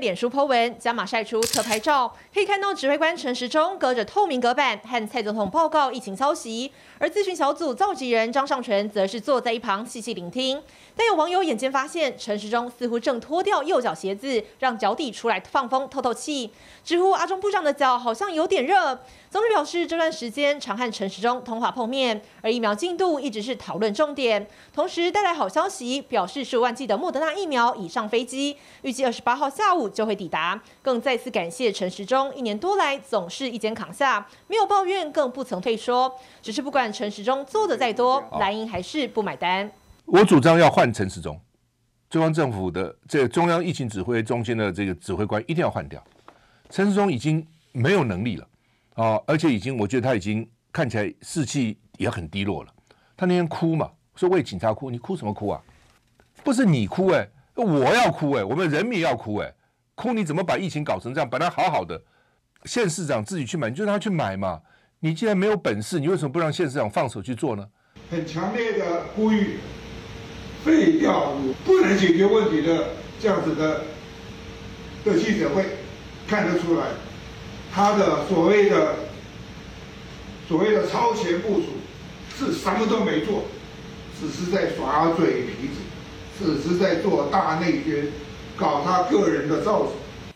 臉書 po 文，加碼曬出特拍照，可以看到指揮官陳時中隔着透明隔板和蔡總統報告疫情消息，而諮詢小組召集人張上淳則是坐在一旁細細聆聽。但有網友眼尖發現，陳時中似乎正脫掉右腳鞋子，讓腳底出來放風、透透氣，直呼阿中部長的腳好像有點熱。總統表示，這段時間常和陳時中通話碰面，而疫苗進度一直是討論重點。同時帶來好消息，表示數萬劑的莫德納疫苗已上飛機，預計二十八號下午就會抵達。更再次感謝陳時中一年多來總是一肩扛下，沒有抱怨，更不曾退縮。只是不管陳時中做得再多，藍營還是不買單。我主張要換陳時中，中央政府的這中央疫情指揮中心的這個指揮官一定要換掉。陳時中已經沒有能力了啊、呃，而且已經，我覺得他已經看起來士氣也很低落了。他那天哭嘛，說為警察哭，你哭什麼哭啊？不是你哭哎、欸，我要哭哎、欸，我們人民也要哭哎、欸，哭你怎麼把疫情搞成這樣？本來好好的，縣市長自己去買，你就讓他去買嘛。你既然沒有本事，你為什麼不讓縣市長放手去做呢？很強烈的呼籲。被調入，不能解決問題的這樣子的的記者會，看得出來，他的所謂的所謂的超前部署是什麼都沒做，只是在耍嘴皮子，只是在做大內奸，搞他個人的造勢。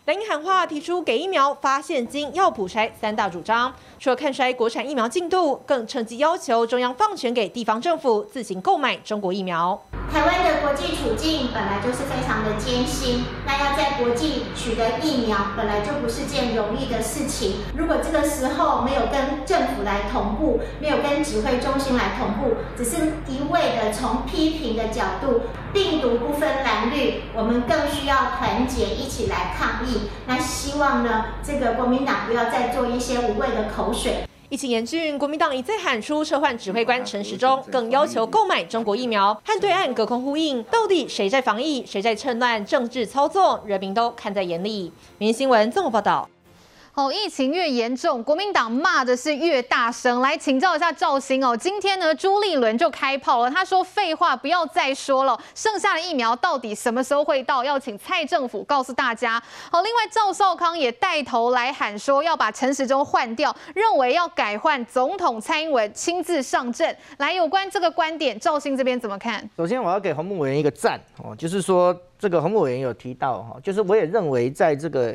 林喊話，提出給疫苗、發現金、要普篩三大主張，除了看衰國產疫苗進度，更趁機要求中央放權給地方政府自行購買中國疫苗。台灣的國際處境本來就是非常的艱辛，那要在國際取得疫苗本來就不是件容易的事情。如果這個時候沒有跟政府來同步，沒有跟指揮中心來同步，只是一味的從批評的角度。病毒不分藍綠，我們更需要團結一起來抗疫。那希望呢，這個國民黨不要再做一些無謂的口水。疫情嚴峻，國民黨已在喊出撤換指揮官陳時中，更要求購買中國疫苗，和對岸隔空呼應。到底誰在防疫，誰在趁亂政治操作，人民都看在眼裡。民視新聞綜合報導。好、哦，疫情越嚴重，國民黨罵的是越大聲。來請教一下照新哦，今天呢朱立倫就開炮了，他說廢話不要再說了，剩下的疫苗到底什麼時候會到？要請蔡政府告訴大家。好，另外趙少康也帶頭來喊說，要把陳時中換掉，認為要改換總統蔡英文親自上陣。來，有關這個觀點，照新這邊怎麼看？首先我要給宏陸委員一個讚哦，就是說這個宏陸委員有提到哈，就是我也認為在這個。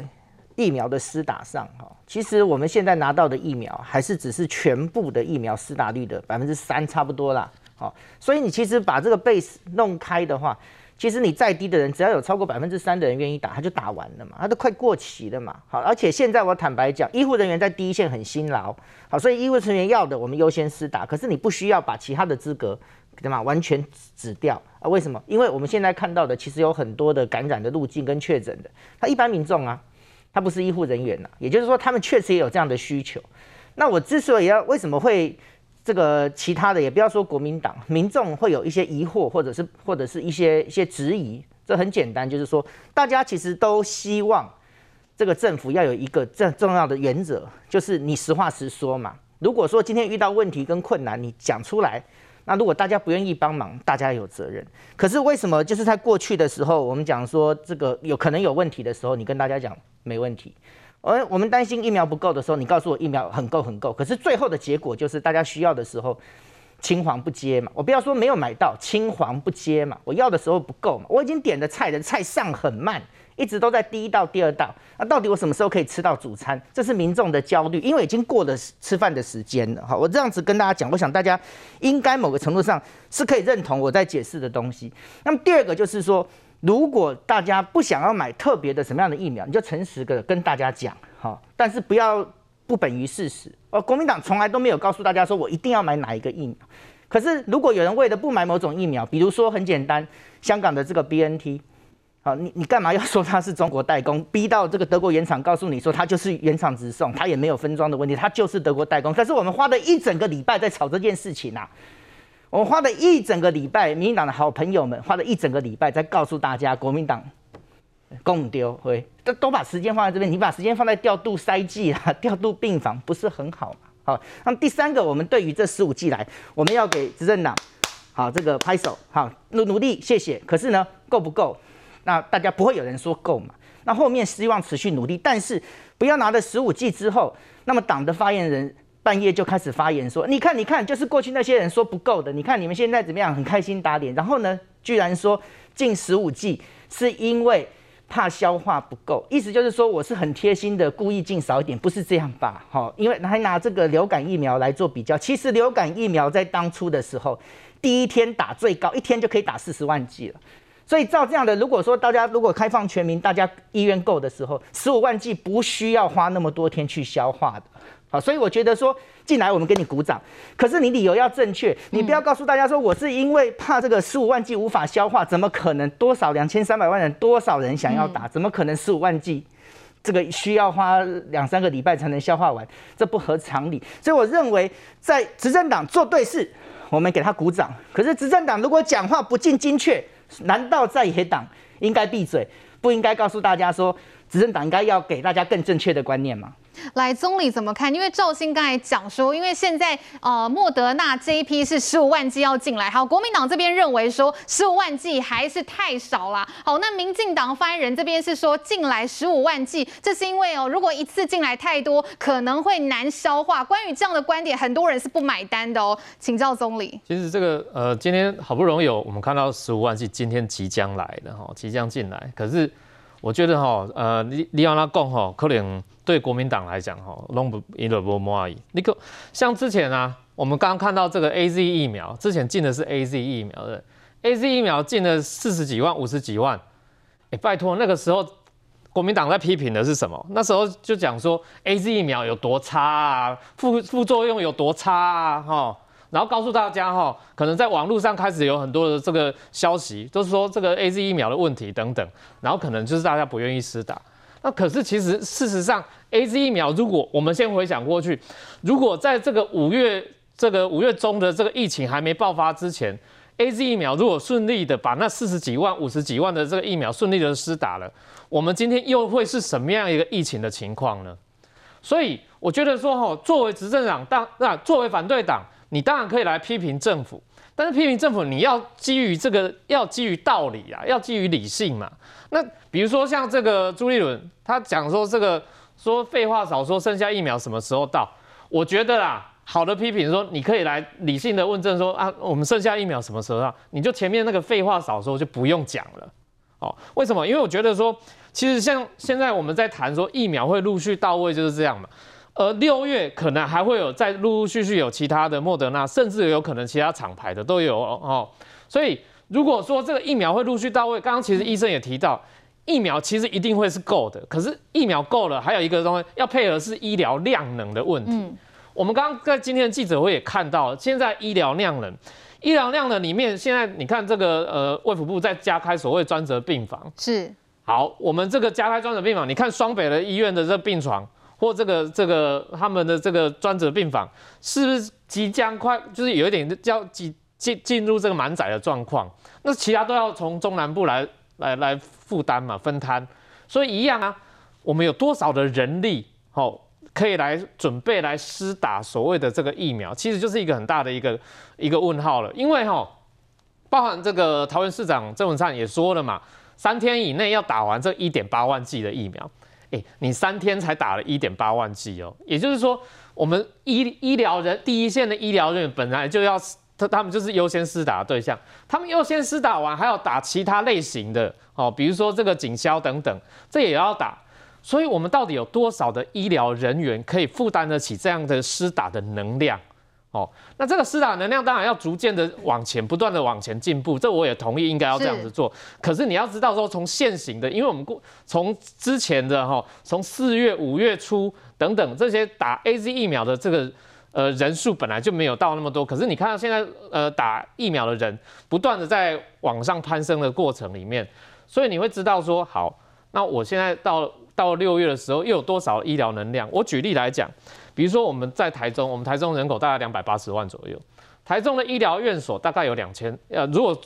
疫苗的施打上，哈，其實我們現在拿到的疫苗還是只是全部的疫苗施打率的百分之三，差不多啦，好，所以你其實把這個 base 弄開的話，其實你再低的人，只要有超過百分之三的人願意打，他就打完了嘛，他都快過期了嘛，好，而且現在我坦白講，醫護人員在第一線很辛勞，好，所以醫護人員要的我們優先施打，可是你不需要把其他的資格給他嘛，完全止掉啊？為什麼？因為我們現在看到的其實有很多的感染的路徑跟確診的，他一般民眾啊。他不是醫護人員了啊，也就是說，他們確實也有這樣的需求。那我之所以要，為什麼會這個其他的，也不要說國民黨，民眾會有一些疑惑，或者是或者是一些一些質疑。這很簡單，就是說大家其實都希望這個政府要有一個這重要的原則，就是你實話實說嘛。如果說今天遇到問題跟困難，你講出來。那如果大家不願意幫忙，大家有責任。可是為什麼？就是在過去的時候，我們講說這個有可能有問題的時候，你跟大家講沒問題。而我們擔心疫苗不夠的時候，你告訴我疫苗很夠很夠。可是最後的結果就是大家需要的時候，青黃不接嘛。我不要說沒有買到，青黃不接嘛。我要的時候不夠嘛。我已經點的菜，的菜上很慢。一直都在第一道、第二道，那、啊、到底我什麼時候可以吃到主餐？這是民眾的焦慮，因為已經過了吃飯的時間了。哈，我這樣子跟大家講，我想大家應該某個程度上是可以認同我在解釋的東西。那麼第二個就是說，如果大家不想要買特別的什麼樣的疫苗，你就誠實的跟大家講，哈，但是不要不本於事實。而國民黨從來都沒有告訴大家說我一定要買哪一個疫苗。可是如果有人為了不買某種疫苗，比如說很簡單，香港的這個 BNT。啊，你你幹嘛要說他是中國代工？逼到這個德國原廠告訴你說他就是原廠直送，他也沒有分裝的問題，他就是德國代工。但是我們花了一整個禮拜在吵這件事情吶、啊，我們花了一整個禮拜，民進黨的好朋友們花了一整個禮拜在告訴大家國民黨共丟灰，都都把時間放在這邊，你把時間放在調度篩劑啊，調度病房不是很好。好，那麼第三個，我們對於這十五劑來，我們要給執政黨好這個拍手好努努力，謝謝。可是呢，夠不夠？那大家不會有人說夠嘛？那後面希望持續努力，但是不要拿了十五劑之後，那麼黨的發言人半夜就開始發言說：“你看，你看，就是過去那些人說不夠的，你看你們現在怎麼樣，很開心打臉，然後呢，居然說進十五劑是因為怕消化不夠，意思就是說我是很貼心的，故意進少一點，不是這樣吧？好，因為還拿這個流感疫苗來做比較，其實流感疫苗在當初的時候，第一天打最高一天就可以打四十萬劑了。”所以照這樣的，如果說大家如果開放全民，大家意願夠的時候，十五萬劑不需要花那麼多天去消化的，好，所以我覺得說，進來我們給你鼓掌，可是你理由要正確，你不要告訴大家說我是因為怕這個十五萬劑無法消化，怎麼可能多少兩千三百萬人多少人想要打，怎麼可能十五萬劑，這個需要花兩三個禮拜才能消化完，這不合常理。所以我認為在執政黨做對事，我們給他鼓掌，可是執政黨如果講話不盡精確。難道在野黨應該閉嘴，不應該告訴大家說，執政黨應該要給大家更正確的觀念嘛？來，宗澧怎麼看？因為照新剛才講說，因為現在呃，莫德納這一批是十五萬劑要進來，好，國民黨這邊認為說十五萬劑還是太少啦。好，那民進黨發言人這邊是說進來十五萬劑，這是因為哦，如果一次進來太多，可能會難消化。關於這樣的觀點，很多人是不買單的哦，請教宗澧。其實這個呃，今天好不容易有我們看到十五萬劑今天即將來的哈，即將進來，可是，我覺得哈、哦，呃，你要說、哦，要那樣講哈，可能對國民黨來講哈，弄不一點都不滿意。你可像之前啊，我們剛剛看到這個 A Z 疫苗，之前進的是 A Z 疫苗的，A Z 疫苗進了四十幾萬、五十幾萬，欸、拜託，那個時候國民黨在批評的是什麼？那時候就講說 A Z 疫苗有多差啊，副副作用有多差啊，哈。然後告訴大家哈、哦，可能在網路上開始有很多的這個消息，都是說這個 A Z 疫苗的問題等等，然後可能就是大家不願意施打。那可是其實事實上，A Z 疫苗，如果我們先回想過去，如果在這個五月這個五月中的這個疫情還沒爆發之前，A Z 疫苗如果順利的把那四十幾萬、五十幾萬的這個疫苗順利的施打了，我們今天又會是什麼樣一個疫情的情況呢？所以我覺得說哈、哦，作為執政黨，當那作為反對黨。你當然可以來批評政府，但是批評政府你要基於這個，要基於道理啊，要基於理性嘛。那比如說像這個朱立倫，他講說這個說廢話少說，剩下疫苗什麼時候到？我覺得啦，好的批評說，你可以來理性的問政說啊，我們剩下疫苗什麼時候到？你就前面那個廢話少說就不用講了。哦，為什麼？因為我覺得說，其實像現在我們在談說疫苗會陸續到位，就是這樣嘛。而六月可能還會有，再陸陸續續有其他的莫德納，甚至有可能其他廠牌的都有哦。所以如果說這個疫苗會陸續到位，剛剛其實醫生也提到，疫苗其實一定會是夠的。可是疫苗夠了，還有一個東西要配合是醫療量能的問題。我們剛剛在今天的記者會也看到，現在醫療量能，醫療量能裡面現在你看這個呃衛福部在加開所謂專責病房，是好，我們這個加開專責病房，你看雙北的醫院的這病床。或這個這個他們的這個專責病房是不是即將快就是有一點叫進進進入這個滿載的狀況？那其他都要從中南部來來來負擔嘛，分攤，所以一樣啊，我們有多少的人力，吼，可以來準備來施打所謂的這個疫苗，其實就是一個很大的一個一個問號了。因為吼，包含這個桃園市長鄭文燦也說了嘛，三天以內要打完這一點八萬劑的疫苗。誒、欸，你三天才打了一點八萬劑哦，也就是說，我們醫醫療人第一線的醫療人員本來就要，他他們就是優先施打的對象，他們優先施打完，還要打其他類型的哦，比如說這個警消，等等，這也要打，所以我們到底有多少的醫療人員可以負擔得起這樣的施打的能量？哦，那這個施打能量當然要逐漸的往前，不斷的往前進步，這我也同意應該要這樣子做。是。可是你要知道說，從現行的，因為我們過從之前的哈，從四月五月初等等這些打 AZ 疫苗的這個呃人數本來就沒有到那麼多，可是你看到現在呃打疫苗的人不斷的在往上攀升的過程裡面，所以你會知道說，好，那我現在到到六月的時候又有多少醫療能量？我舉例來講。比如說我們在台中，我們台中人口大概兩百八十萬左右，台中的醫療院所大概有兩千，呃，如果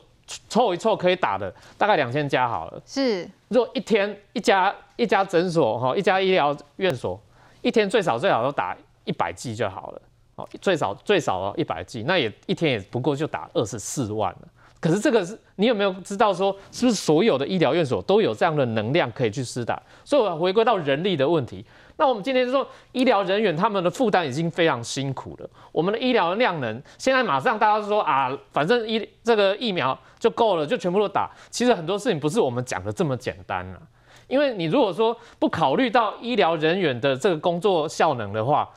湊一湊可以打的，大概兩千家好了。是，如果一天一家一家診所哈，一家醫療院所一天最少最少都打一百劑就好了，哦，最少最少哦一百劑，那也一天也不過就打二十四萬。可是這個是你有沒有知道說，是不是所有的醫療院所都有這樣的能量可以去施打？所以我要回歸到人力的問題。那我們今天就說醫療人員他們的負擔已經非常辛苦了。我們的醫療量能現在馬上大家就說啊，反正疫這個疫苗就夠了，就全部都打。其實很多事情不是我們講的這麼簡單了、啊。因為你如果說不考慮到醫療人員的這個工作效能的話，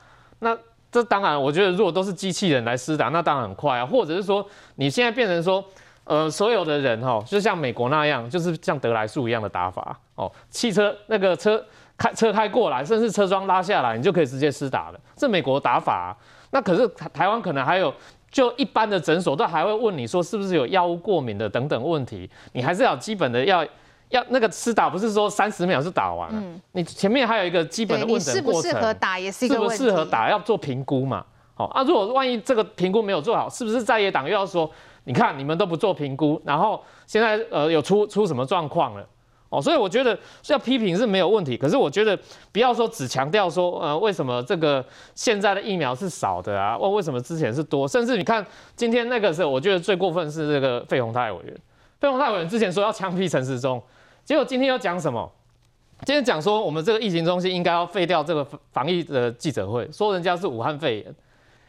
那這當然我覺得如果都是機器人來施打，那當然很快啊。或者是說你現在變成說呃所有的人哈、喔，就像美國那樣，就是像得來速一樣的打法哦、喔，汽車那個車。開車開過來，甚至車窗拉下來，你就可以直接施打了。這美國打法、啊，那可是臺灣可能還有就一般的診所都還會問你說是不是有藥物過敏的等等問題，你還是要基本的要要那個施打，不是說三十秒就打完了，嗯、你前面還有一個基本的問診過程，適不適合打也是一個問題。適不適合打要做評估嘛？好啊，如果萬一這個評估沒有做好，是不是在野黨又要說，你看你們都不做評估，然後現在呃有出出什麼狀況了？哦，所以我覺得要批評是沒有問題，可是我覺得不要說只強調說，呃，為什麼這個現在的疫苗是少的啊？問為什麼之前是多？甚至你看今天那個時候，我覺得最過分是這個費鴻泰委員。費鴻泰委員之前說要槍斃陳時中，結果今天又講什麼？今天講說我們這個疫情中心應該要廢掉這個防疫的記者會，說人家是武漢肺炎。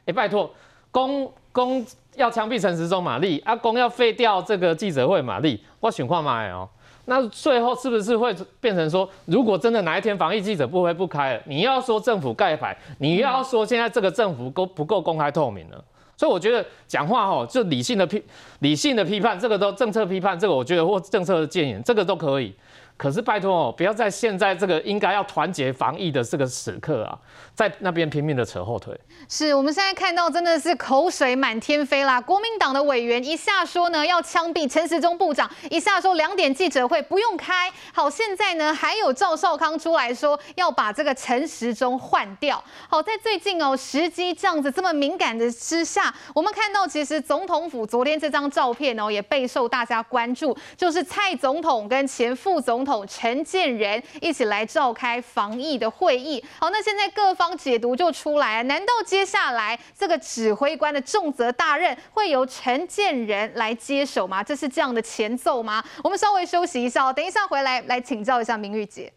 誒，拜托，公公要槍斃陳時中，瑪麗阿公要廢掉這個記者會，瑪麗我選礦買哦。那最後是不是會變成說，如果真的哪一天防疫記者不會不開了，你要說政府蓋牌，你要說現在這個政府不夠公開透明了？所以我覺得講話吼，就理性的批、理性的批判，這個都政策批判，這個我覺得或政策的建議，這個都可以。可是拜托哦，不要在現在這個應該要團結防疫的這個時刻啊。在那邊拼命的扯後腿，是我們現在看到真的是口水滿天飛啦！國民黨的委員一下說呢要槍斃陳時中部長，一下說兩點記者會不用開。好，現在呢還有趙少康出來說要把這個陳時中換掉。好，在最近哦時機這樣子這麼敏感的之下，我們看到其實總統府昨天這張照片呢，哦，也備受大家關注，就是蔡總統跟前副總統陳建仁一起來召開防疫的會議。好，那現在各方。解讀就出來，難道接下來這個指揮官的重責大任會由陳建仁來接手嗎？這是這樣的前奏嗎？我們稍微休息一下，等一下回來來請教一下明玉姐。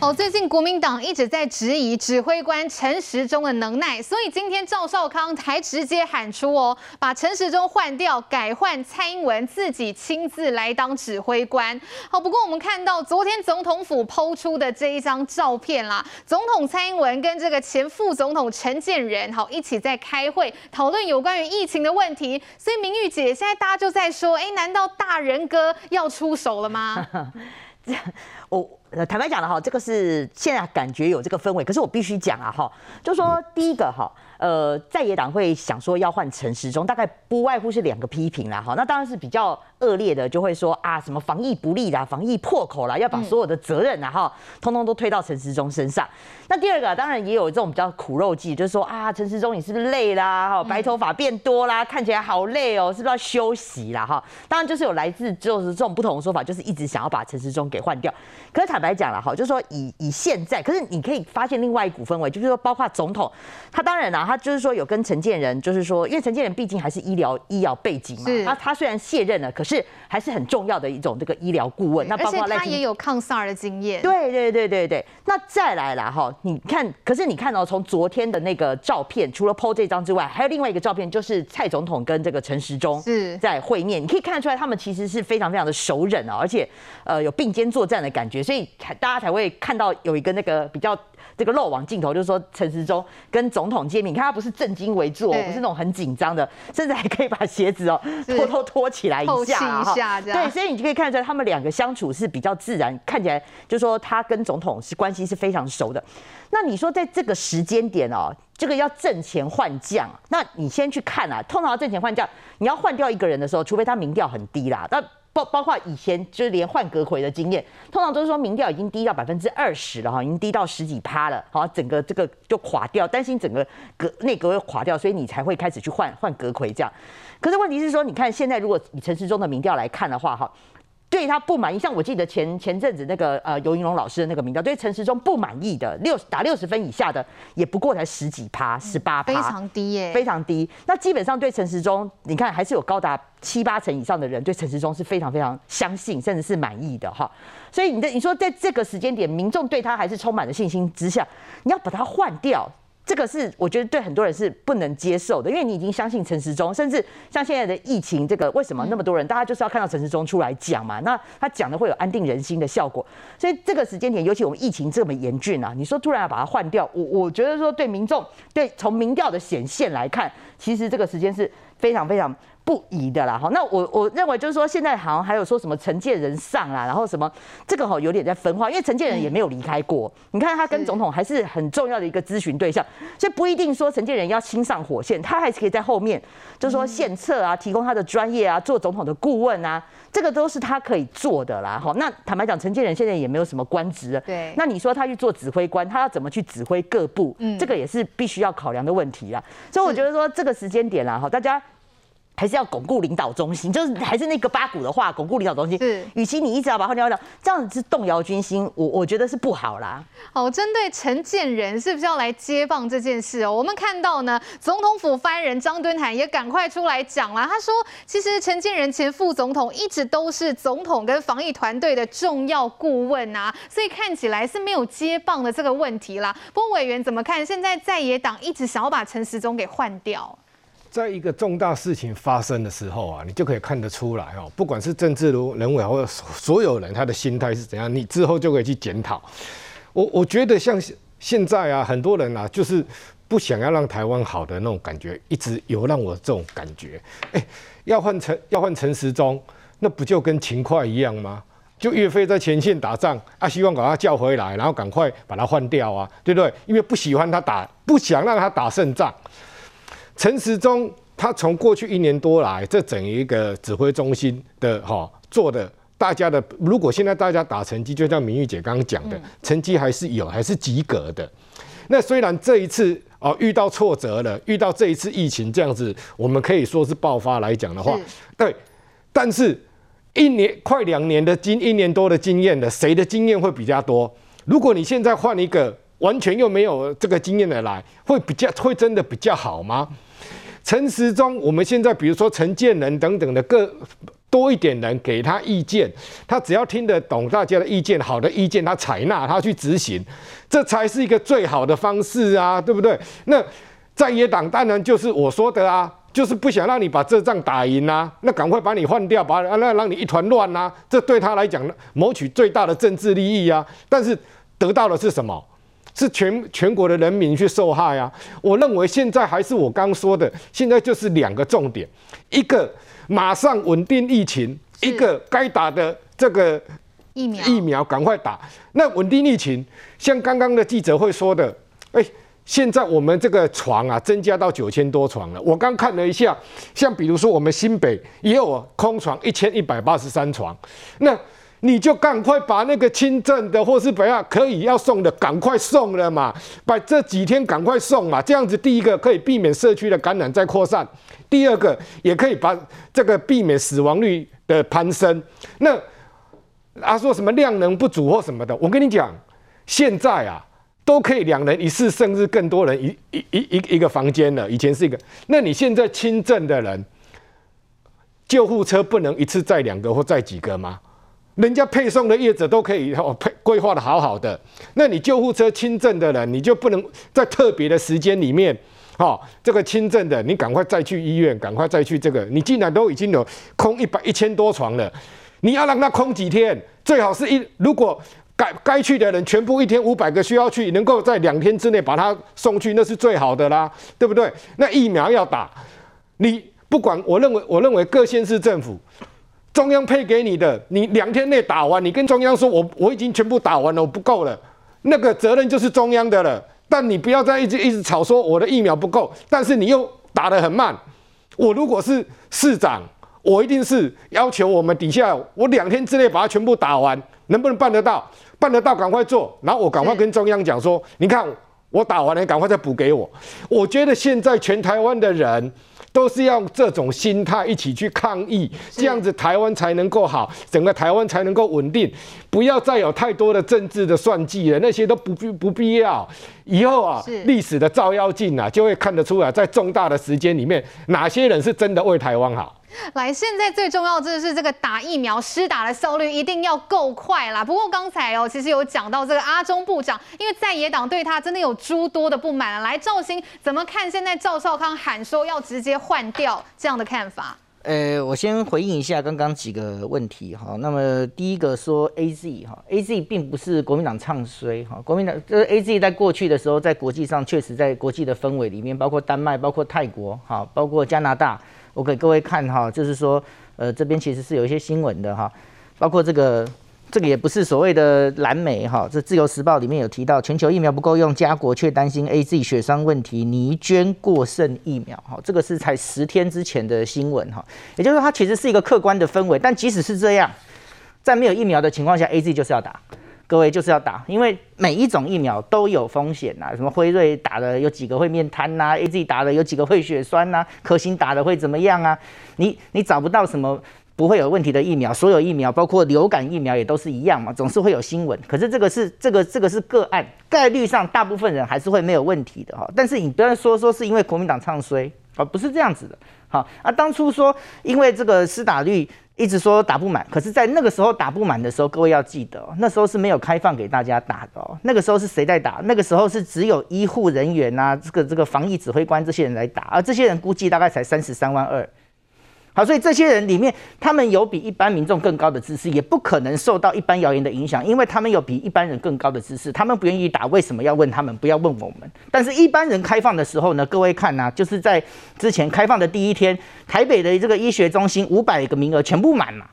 哦，最近國民黨一直在質疑指揮官陳時中的能耐，所以今天趙少康才直接喊出哦，把陳時中換掉，改換蔡英文自己親自來當指揮官。好，不過我們看到昨天總統府拋出的這一張照片啦，總統蔡英文跟這個前副總統陳建仁好一起在開會討論有關於疫情的問題，所以明玉姐現在大家就在說，哎、欸，難道大仁哥要出手了嗎？這， 呃，坦白講了哈，這個是現在感覺有這個氛圍，可是我必須講啊哈，就是說第一個哈。呃，在野黨會想說要換陳時中，大概不外乎是兩個批評啦，哈，那當然是比較惡劣的，就會說啊，什麼防疫不力啦，防疫破口啦，要把所有的責任啊，哈，通通都推到陳時中身上。那第二個當然也有這種比較苦肉計，就是說啊，陳時中你是不是累啦，哈，白頭髮變多啦，嗯、看起來好累哦，是不是要休息啦，哈？當然就是有來自就是這種不同的說法，就是一直想要把陳時中給換掉。可是坦白講啦，哈，就是說以以現在，可是你可以發現另外一股氛圍，就是說包括總統，他當然啦、啊。他就是說有跟陳建仁，就是說，因為陳建仁畢竟還是醫療醫療背景嘛，那是他，他雖然卸任了，可是還是很重要的一種這個醫療顧問。嗯、那包括他也有抗 SARS 的經驗。對對對對，對那再來了哈，你看，可是你看到，喔、從昨天的那個照片，除了 PO 這張之外，還有另外一個照片，就是蔡總統跟這個陳時中是在會面，是你可以看得出來他們其實是非常非常的熟人啊，喔，而且呃有並肩作戰的感覺，所以才大家才會看到有一個那個比較，這個漏網鏡頭就是說，陳時中跟總統見面，你看他不是正襟危坐，不是那種很緊張的，甚至還可以把鞋子哦偷偷脫起來一下，哈，對，所以你就可以看出來，他們兩個相處是比較自然，看起來就是說他跟總統是關係是非常熟的。那你說在這個時間點哦，這個要陣前換將，那你先去看啊，通常要陣前換將，你要換掉一個人的時候，除非他民調很低啦，包包括以前就是連換閣揆的經驗，通常都是說民調已經低到百分之二十了哈，已經低到十幾趴了好，整個這個就垮掉，擔心整個閣內閣會垮掉，所以你才會開始去換換閣揆這樣。可是問題是說，你看現在如果以陳時中的民調來看的話哈，對他不滿意，像我記得前前陣子那個呃游盈隆老師的那個民調，對陳時中不滿意的六打六十分以下的，也不過才十幾趴，十八、嗯、非常低耶、欸，非常低。那基本上對陳時中，你看還是有高達七八成以上的人對陳時中是非常非常相信，甚至是滿意的哈。所以你的你說在這個時間點，民眾對他還是充滿了信心之下，你要把他換掉。這個是我覺得對很多人是不能接受的，因為你已經相信陳時中，甚至像現在的疫情，這個為什麼那麼多人，大家就是要看到陳時中出來講嘛，那他講的會有安定人心的效果。所以這個時間點，尤其我們疫情這麼嚴峻啊，你說突然要把它換掉，我我覺得說對民眾，對從民調的顯現來看，其實這個時間是非常非常。不移的啦，好，那我我認為就是說，現在好像還有說什麼陳建仁上啦，啊，然後什麼這個好有點在分化，因為陳建仁也沒有離開過，嗯、你看他跟總統還是很重要的一個諮詢對象，是所以不一定說陳建仁要親上火線，他還是可以在後面就是說獻策啊，提供他的專業啊，做總統的顧問啊，這個都是他可以做的啦，好，那坦白講，陳建仁現在也沒有什麼官職，對，那你說他去做指揮官，他要怎麼去指揮各部，嗯，這個也是必須要考量的問題啦。所以我覺得說這個時間點啦，哈，大家。還是要鞏固領導中心，就是還是那個八股的話，鞏固領導中心。是，與其你一直要把他聊到這樣子是動搖軍心，我我覺得是不好啦。好，針對陳建仁是不是要來接棒這件事哦、喔，我們看到呢，總統府發言人張敦涵也趕快出來講了，他說，其實陳建仁前副總統一直都是總統跟防疫團隊的重要顧問啊，所以看起來是沒有接棒的這個問題啦。不過委員怎麼看？現在在野黨一直想要把陳時中給換掉。在一個重大事情發生的時候啊，你就可以看得出來哦。不管是政治人物或者所有人，他的心態是怎樣，你之後就可以去檢討。我我覺得像現在啊，很多人啊，就是不想要讓台灣好的那種感覺，一直有讓我這種感覺。哎、欸，要換成要換陳時中，那不就跟秦檜一樣嗎？就岳飛在前線打仗，啊，希望把他叫回來，然後趕快把他換掉啊，對不對？因為不喜歡他打，不想讓他打勝仗。陳時中，他從過去一年多來，這整一個指揮中心的哈做的，大家的，如果現在大家打成績，就像明玉姐剛剛講的，成績還是有，還是及格的。那雖然這一次啊遇到挫折了，遇到這一次疫情這樣子，我們可以說是爆發來講的話，是對，但是一年快兩年的經一年多的經驗了，誰的經驗會比較多？如果你現在換一個完全又沒有這個經驗的來，會比較會真的比較好嗎？陳時中，我們現在比如說陳建仁等等的更多一點人給他意見，他只要聽得懂大家的意見，好的意見他採納他去執行，這才是一個最好的方式啊，對不對？那在野黨當然就是我說的啊，就是不想讓你把這仗打贏啊，那趕快把你換掉，把那讓你一團亂啊，這對他來講謀取最大的政治利益啊，但是得到的是什麼？是全全國的人民去受害呀、啊！我認為現在還是我剛說的，現在就是兩個重點：一個馬上穩定疫情，是一個該打的這個疫苗趕快打。苗那穩定疫情，像剛剛的記者會說的，哎、欸，現在我們這個床啊增加到九千多床了。我剛看了一下，像比如說我們新北也有空床一千一百八十三床，那。你就趕快把那個輕症的或是怎樣可以要送的，趕快送了嘛！把這幾天趕快送嘛！這樣子，第一個可以避免社區的感染再擴散，第二個也可以把這個避免死亡率的攀升。那他、啊、說什麼量能不足或什麼的，我跟你講，現在啊都可以兩人一室甚至更多人一一一一個房間了，以前是一個。那你現在輕症的人，救護車不能一次載兩個或載幾個嗎？人家配送的業者都可以哦，配規劃的好好的。那你救護車輕症的人，你就不能在特別的時間裡面，哈、哦，這個輕症的，你趕快再去醫院，趕快再去這個，你竟然都已經有空一百一千多床了，你要讓它空幾天？最好是一如果該該去的人全部一天五百個需要去，能夠在兩天之內把它送去，那是最好的啦，對不對？那疫苗要打，你不管我，我認為我認為各縣市政府。中央配給你的，你兩天內打完，你跟中央說我，我我已經全部打完了，我不夠了，那個責任就是中央的了。但你不要再一直一直吵說我的疫苗不夠，但是你又打得很慢。我如果是市長，我一定是要求我們底下，我兩天之內把它全部打完，能不能辦得到？辦得到，趕快做，然後我趕快跟中央講說，是你看我打完了，趕快再補給我。我覺得現在全台灣的人，都是要用這種心態一起去抗疫，是這樣子台灣才能夠好，整個台灣才能夠穩定，不要再有太多的政治的算計了，那些都不必不必要。以後啊，歷是史的照妖鏡啊，就會看得出來，在重大的時間裡面，哪些人是真的為台灣好。來，現在最重要的就是這個打疫苗施打的效率一定要夠快啦。不過剛才哦，其實有講到這個阿中部長，因為在野黨對他真的有諸多的不滿。來，照新怎麼看現在趙少康喊說要直接換掉這樣的看法？呃、欸，我先回應一下剛剛幾個問題哈。那麼第一個說 A Z 哈，A Z 並不是國民黨唱衰哈，國民黨、就是、A Z 在過去的時候，在國際上確實在國際的氛圍裡面，包括丹麥、包括泰國、哈、包括加拿大。我給各位看哈，就是說，呃，這邊其實是有一些新聞的哈，包括這個，這個也不是所謂的藍媒哈，這《自由時報》裡面有提到，全球疫苗不夠用，加國卻擔心 A Z 血栓問題，擬捐過剩疫苗哈，這個是才十天之前的新聞哈，也就是說，它其實是一個客觀的氛圍，但即使是這樣，在沒有疫苗的情況下，A Z 就是要打。各位就是要打，因為每一種疫苗都有風險啊。什麼輝瑞打的有幾個會面癱吶、啊，AZ 打的有幾個會血栓吶、啊，科興打的會怎麼樣啊？你你找不到什麼不會有問題的疫苗，所有疫苗包括流感疫苗也都是一樣嘛，總是會有新聞。可是這個是這個這個是個案，概率上大部分人還是會沒有問題的哈。但是你不要說說是因為國民黨唱衰，啊，不是這樣子的。好啊，當初說因為這個施打率。一直說打不滿，可是，在那個時候打不滿的時候，各位要記得哦，那時候是沒有開放給大家打的哦。那個時候是誰在打？那個時候是只有醫護人員吶、啊，這個這個防疫指揮官這些人來打，而這些人估計大概才三十三萬二。好，所以這些人裡面，他們有比一般民眾更高的知識，也不可能受到一般謠言的影響，因為他們有比一般人更高的知識，他們不願意打，為什麼要問他們？不要問我們。但是一般人開放的時候呢，各位看吶、啊，就是在之前開放的第一天，台北的這個醫學中心五百個名額全部滿了。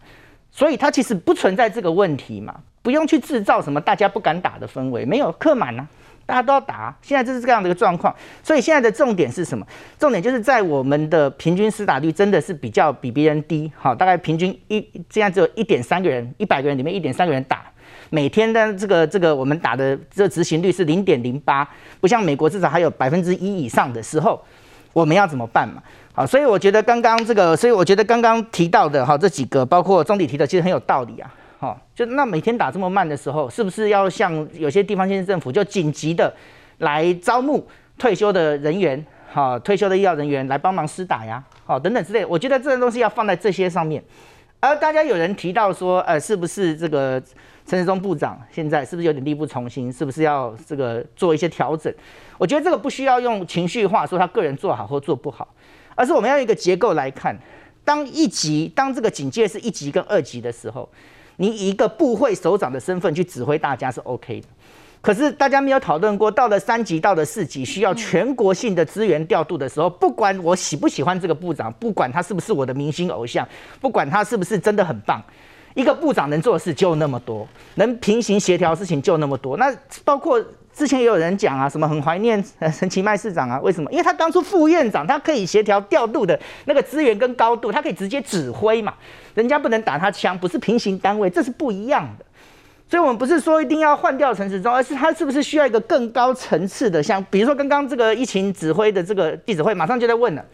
所以他其實不存在這個問題嘛，不用去制造什麼大家不敢打的氛圍，沒有客滿吶、啊。大家都要打，現在就是這樣的一個狀況，所以現在的重點是什麼？重點就是在我們的平均施打率真的是比較比別人低，好、哦，大概平均一現在只有一點三個人，一百個人裡面一點三個人打，每天的這個這個我們打的這個執行率是零點零八，不像美國至少還有百分之一以上的時候，我們要怎麼辦嘛？好、哦，所以我覺得剛剛這個，所以我覺得剛剛提到的哈、哦、這幾個，包括鍾鼎提的，其實很有道理啊。好、哦，就那每天打這麼慢的時候，是不是要像有些地方縣政府就緊急的來招募退休的人員，好、哦，退休的醫藥人員來幫忙施打呀？好、哦，等等之類，我覺得這些東西要放在這些上面。而大家有人提到說，呃，是不是這個陳時中部長現在是不是有點力不從心？是不是要這個做一些調整？我覺得這個不需要用情緒化說他個人做好或做不好，而是我們要一個結構來看，當一級，當這個警戒是一級跟二級的時候。你以一個部會首長的身份去指揮大家是 OK 的，可是大家沒有討論過，到了三級、到了四級，需要全國性的資源調度的時候，不管我喜不喜歡這個部長，不管他是不是我的明星偶像，不管他是不是真的很棒，一個部長能做的事就那麼多，能平行協調的事情就那麼多，那包括。之前也有人講啊，什麼很懷念呃陳其邁市長啊？為什麼？因為他當初副院長，他可以協調調度的那個資源跟高度，他可以直接指揮嘛。人家不能打他槍，不是平行單位，這是不一樣的。所以，我們不是說一定要換掉陳時中，而是他是不是需要一個更高層次的像，像比如說剛剛這個疫情指揮的這個記者會，馬上就在問了，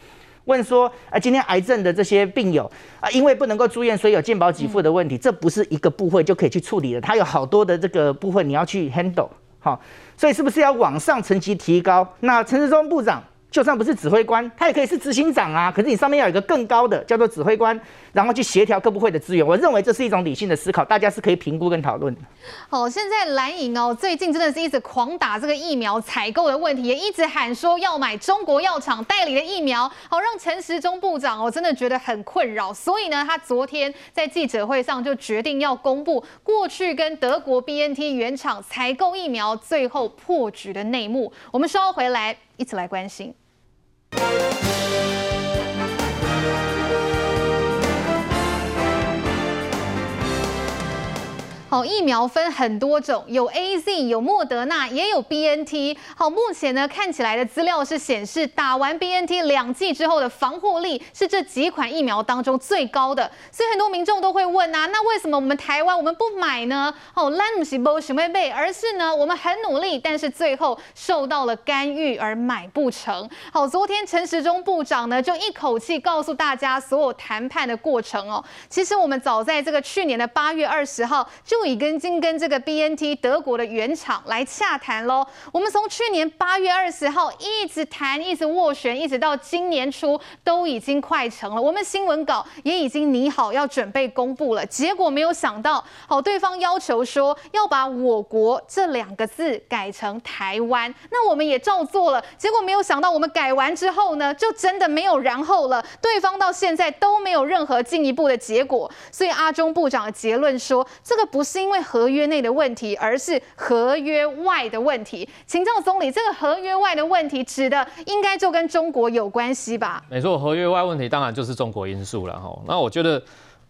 問說啊、呃，今天癌症的這些病友啊、呃，因為不能夠住院，所以有健保給付的問題，嗯、這不是一個部會就可以去處理的，他有好多的這個部分，你要去 handle。好，所以是不是要往上層級提高？那陳時中部長。就算不是指揮官，他也可以是執行長啊。可是你上面要有一個更高的叫做指揮官，然後去協調各部會的資源。我認為這是一種理性的思考，大家是可以評估跟討論的。好、哦，現在藍營哦，最近真的是一直狂打這個疫苗採購的問題，也一直喊說要買中國藥廠代理的疫苗，好、哦、讓陳時中部長哦真的覺得很困擾。所以呢，他昨天在記者會上就決定要公布過去跟德國 BNT 原廠採購疫苗最後破局的內幕。我們稍後回來，一起來關心。好，疫苗分很多種，有 AZ，有莫德納，也有 BNT。好，目前呢看起來的資料是顯示，打完 BNT 兩劑之後的防護力是這幾款疫苗當中最高的。所以很多民眾都會問啊，那為什麼我們台灣我們不買呢？哦，我們不是不想買，而是呢我們很努力，但是最後受到了干預而買不成。好，昨天陳時中部長呢就一口氣告訴大家所有談判的過程哦、喔。其實我們早在這個去年的八月二十號就。已經跟，跟這個 B N T 德國的原廠來洽談嘍。我們從去年八月二十號一直談，一直斡旋，一直到今年初都已經快成了。我們新聞稿也已經擬好，要準備公布了。結果沒有想到，好，對方要求說要把“我國”這兩個字改成“台灣”，那我們也照做了。結果沒有想到，我們改完之後呢，就真的沒有然後了。對方到現在都沒有任何進一步的結果。所以阿中部長的結論說，這個不是。是因為合約內的問題，而是合約外的問題。請教宗澧，這個合約外的問題指的應該就跟中國有關係吧？沒錯，合約外問題當然就是中國因素了哈。那我覺得，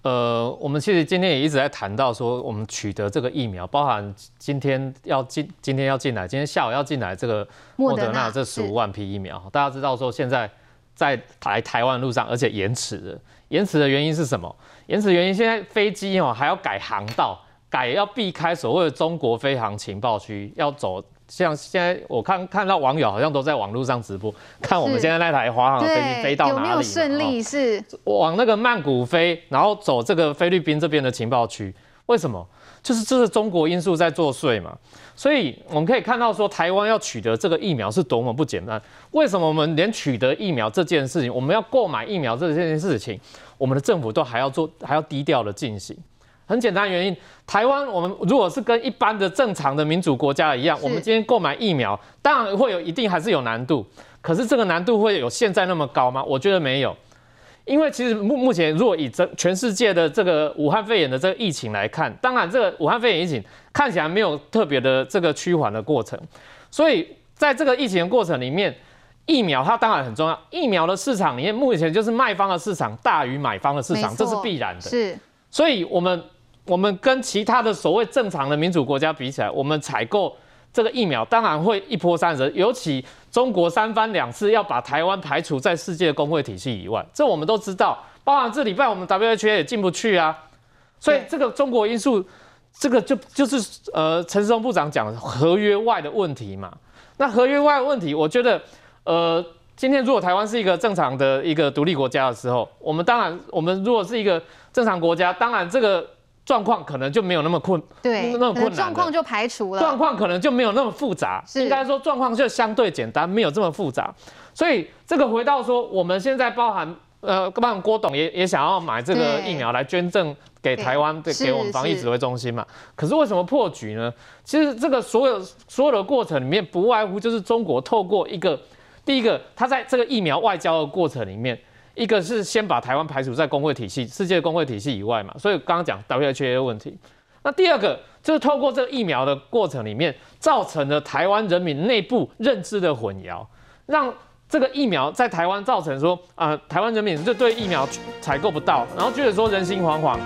呃，我們其實今天也一直在談到說，我們取得這個疫苗，包含今天要進，今天要進來，今天下午要進來這個莫德納這十五萬批疫苗，是大家知道說現在在來台灣路上，而且延遲的，延遲的原因是什麼？延遲原因現在飛機哦、喔、還要改航道。改，要避開所謂的中國飛航情報區，要走像現在我看看到網友好像都在網路上直播看我們現在那台華航飛機飛到哪裡，有沒有順利？是、哦、往那個曼谷飛，然後走這個菲律賓這邊的情報區。為什麼？就是這、就是中國因素在作祟嘛。所以我們可以看到說，台灣要取得這個疫苗是多麼不簡單。為什麼我們連取得疫苗這件事情，我們要購買疫苗這這件事情，我們的政府都還要做，還要低調的進行。很簡單，原因台灣我們如果是跟一般的正常的民主國家一樣，是我們今天購買疫苗，當然會有一定還是有難度。可是這個難度會有現在那麼高嗎？我覺得沒有，因為其實目目前如果以這全世界的這個武漢肺炎的這個疫情來看，當然這個武漢肺炎疫情看起來沒有特別的這個趨緩的過程，所以在這個疫情的過程裡面，疫苗它當然很重要。疫苗的市場裡面目前就是賣方的市場大於買方的市場，錯這是必然的。是，所以我們。我們跟其他的所謂正常的民主國家比起來，我們採購這個疫苗當然會一波三折，尤其中國三番兩次要把台灣排除在世界的工會體系以外，這我們都知道，包含這禮拜我們 WHA 也進不去啊，所以這個中國因素，這個就就是呃，陳時中部長講的合約外的問題嘛。那合約外的問題，我覺得呃，今天如果台灣是一個正常的一個獨立國家的時候，我們當然我們如果是一個正常國家，當然這個。狀況可能就沒有那麼困，對，那麼困難，狀況就排除了。狀況可能就沒有那麼複雜，是應該說狀況就相對簡單，沒有這麼複雜。所以這個回到說，我們現在包含呃，包含郭董也也想要買這個疫苗來捐贈給台灣的對，給我們防疫指揮中心嘛。是是可是為什麼破局呢？其實這個所有所有的過程裡面，不外乎就是中國透過一個第一個，他在這個疫苗外交的過程裡面。一個是先把台灣排除在工會體系、世界工會體系以外嘛，所以剛剛講 WHA 問題。那第二個就是透過這個疫苗的過程裡面，造成了台灣人民內部認知的混淆，讓這個疫苗在台灣造成說啊、呃，台灣人民就對疫苗採購不到，然後覺得說人心惶惶，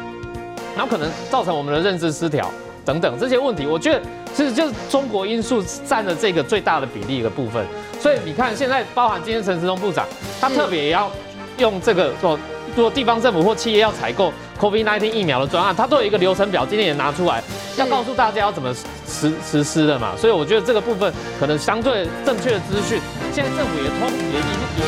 然後可能造成我們的認知失調等等這些問題。我覺得其實就是中國因素佔了這個最大的比例的部分。所以你看現在，包含今天陳時中部長，他特別也要。用這個做做地方政府或企業要採購 COVID-19 疫苗的專案，它都有一個流程表。今天也拿出來，要告訴大家要怎麼實實施的嘛。所以我覺得這個部分可能相對正確的資訊，現在政府也通也已經。